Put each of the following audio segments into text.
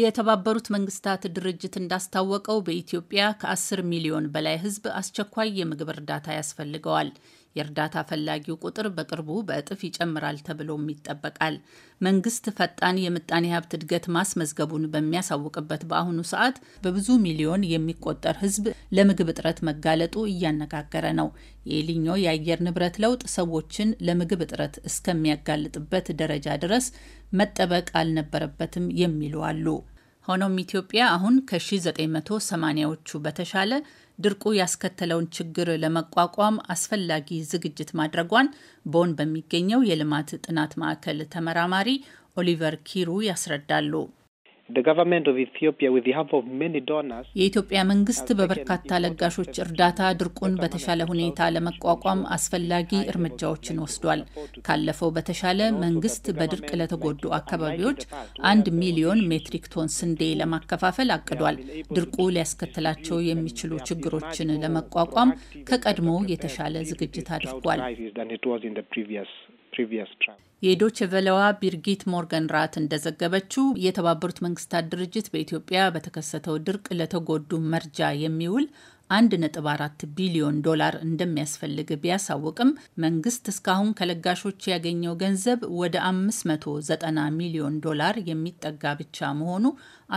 የተባበሩት መንግስታት ድርጅት እንዳስታወቀው በኢትዮጵያ ከ10 ሚሊዮን በላይ ህዝብ አስቸኳይ የምግብ እርዳታ ያስፈልገዋል። የእርዳታ ፈላጊው ቁጥር በቅርቡ በእጥፍ ይጨምራል ተብሎም ይጠበቃል። መንግስት ፈጣን የምጣኔ ሀብት እድገት ማስመዝገቡን በሚያሳውቅበት በአሁኑ ሰዓት በብዙ ሚሊዮን የሚቆጠር ህዝብ ለምግብ እጥረት መጋለጡ እያነጋገረ ነው። የኤሊኞ የአየር ንብረት ለውጥ ሰዎችን ለምግብ እጥረት እስከሚያጋልጥበት ደረጃ ድረስ መጠበቅ አልነበረበትም የሚሉ አሉ። ሆኖም ኢትዮጵያ አሁን ከ1980ዎቹ በተሻለ ድርቁ ያስከተለውን ችግር ለመቋቋም አስፈላጊ ዝግጅት ማድረጓን ቦን በሚገኘው የልማት ጥናት ማዕከል ተመራማሪ ኦሊቨር ኪሩ ያስረዳሉ። የኢትዮጵያ መንግስት በበርካታ ለጋሾች እርዳታ ድርቁን በተሻለ ሁኔታ ለመቋቋም አስፈላጊ እርምጃዎችን ወስዷል። ካለፈው በተሻለ መንግስት በድርቅ ለተጎዱ አካባቢዎች አንድ ሚሊዮን ሜትሪክ ቶን ስንዴ ለማከፋፈል አቅዷል። ድርቁ ሊያስከትላቸው የሚችሉ ችግሮችን ለመቋቋም ከቀድሞ የተሻለ ዝግጅት አድርጓል። የዶች ቨለዋ ቢርጊት ሞርገን ራት እንደዘገበችው የተባበሩት መንግስታት ድርጅት በኢትዮጵያ በተከሰተው ድርቅ ለተጎዱ መርጃ የሚውል 1.4 ቢሊዮን ዶላር እንደሚያስፈልግ ቢያሳውቅም መንግስት እስካሁን ከለጋሾች ያገኘው ገንዘብ ወደ 590 ሚሊዮን ዶላር የሚጠጋ ብቻ መሆኑ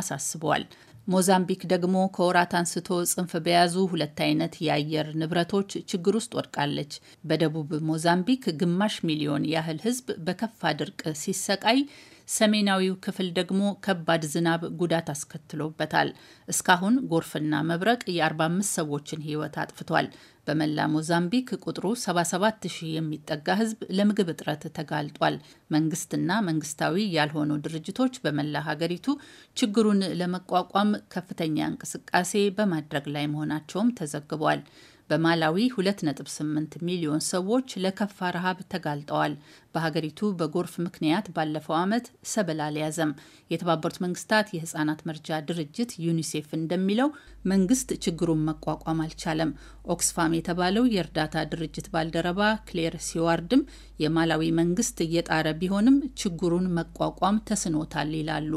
አሳስበዋል። ሞዛምቢክ ደግሞ ከወራት አንስቶ ጽንፍ በያዙ ሁለት አይነት የአየር ንብረቶች ችግር ውስጥ ወድቃለች። በደቡብ ሞዛምቢክ ግማሽ ሚሊዮን ያህል ሕዝብ በከፋ ድርቅ ሲሰቃይ ሰሜናዊው ክፍል ደግሞ ከባድ ዝናብ ጉዳት አስከትሎበታል። እስካሁን ጎርፍና መብረቅ የ45 ሰዎችን ሕይወት አጥፍቷል። በመላ ሞዛምቢክ ቁጥሩ 77 ሺህ የሚጠጋ ህዝብ ለምግብ እጥረት ተጋልጧል። መንግስትና መንግስታዊ ያልሆኑ ድርጅቶች በመላ ሀገሪቱ ችግሩን ለመቋቋም ከፍተኛ እንቅስቃሴ በማድረግ ላይ መሆናቸውም ተዘግቧል። በማላዊ 2.8 ሚሊዮን ሰዎች ለከፋ ረሃብ ተጋልጠዋል። በሀገሪቱ በጎርፍ ምክንያት ባለፈው ዓመት ሰብል አልያዘም። የተባበሩት መንግስታት የህፃናት መርጃ ድርጅት ዩኒሴፍ እንደሚለው መንግስት ችግሩን መቋቋም አልቻለም። ኦክስፋም የተባለው የእርዳታ ድርጅት ባልደረባ ክሌር ሲዋርድም የማላዊ መንግስት እየጣረ ቢሆንም ችግሩን መቋቋም ተስኖታል ይላሉ።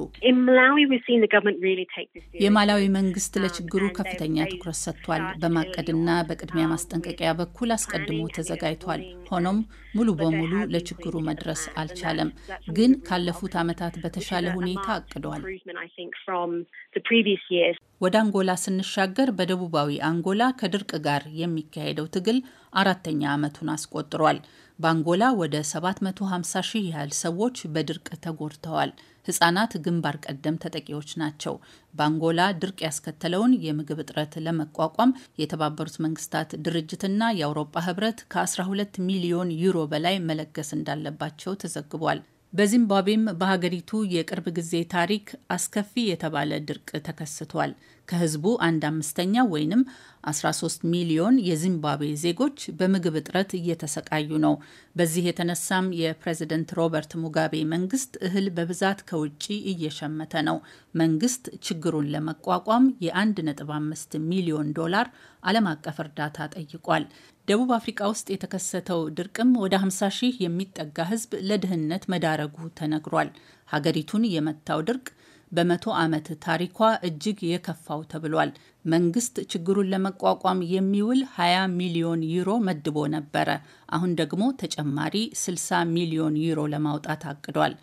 የማላዊ መንግስት ለችግሩ uh, ከፍተኛ ትኩረት ሰጥቷል። በማቀድና በቀ የቅድሚያ ማስጠንቀቂያ በኩል አስቀድሞ ተዘጋጅቷል። ሆኖም ሙሉ በሙሉ ለችግሩ መድረስ አልቻለም፣ ግን ካለፉት ዓመታት በተሻለ ሁኔታ አቅዷል። ወደ አንጎላ ስንሻገር በደቡባዊ አንጎላ ከድርቅ ጋር የሚካሄደው ትግል አራተኛ ዓመቱን አስቆጥሯል። በአንጎላ ወደ 750 ሺህ ያህል ሰዎች በድርቅ ተጎድተዋል። ህጻናት ግንባር ቀደም ተጠቂዎች ናቸው። በአንጎላ ድርቅ ያስከተለውን የምግብ እጥረት ለመቋቋም የተባበሩት መንግስታት ድርጅትና የአውሮፓ ህብረት ከ12 ሚሊዮን ዩሮ በላይ መለገስ እንዳለባቸው ተዘግቧል። በዚምባብዌም በሀገሪቱ የቅርብ ጊዜ ታሪክ አስከፊ የተባለ ድርቅ ተከስቷል። ከህዝቡ አንድ አምስተኛ ወይንም 13 ሚሊዮን የዚምባብዌ ዜጎች በምግብ እጥረት እየተሰቃዩ ነው። በዚህ የተነሳም የፕሬዝደንት ሮበርት ሙጋቤ መንግስት እህል በብዛት ከውጭ እየሸመተ ነው። መንግስት ችግሩን ለመቋቋም የ1.5 ሚሊዮን ዶላር ዓለም አቀፍ እርዳታ ጠይቋል። ደቡብ አፍሪካ ውስጥ የተከሰተው ድርቅም ወደ 50 ሺህ የሚጠጋ ህዝብ ለድህነት መዳረጉ ተነግሯል። ሀገሪቱን የመታው ድርቅ በመቶ ዓመት ታሪኳ እጅግ የከፋው ተብሏል። መንግስት ችግሩን ለመቋቋም የሚውል 20 ሚሊዮን ዩሮ መድቦ ነበረ። አሁን ደግሞ ተጨማሪ 60 ሚሊዮን ዩሮ ለማውጣት አቅዷል።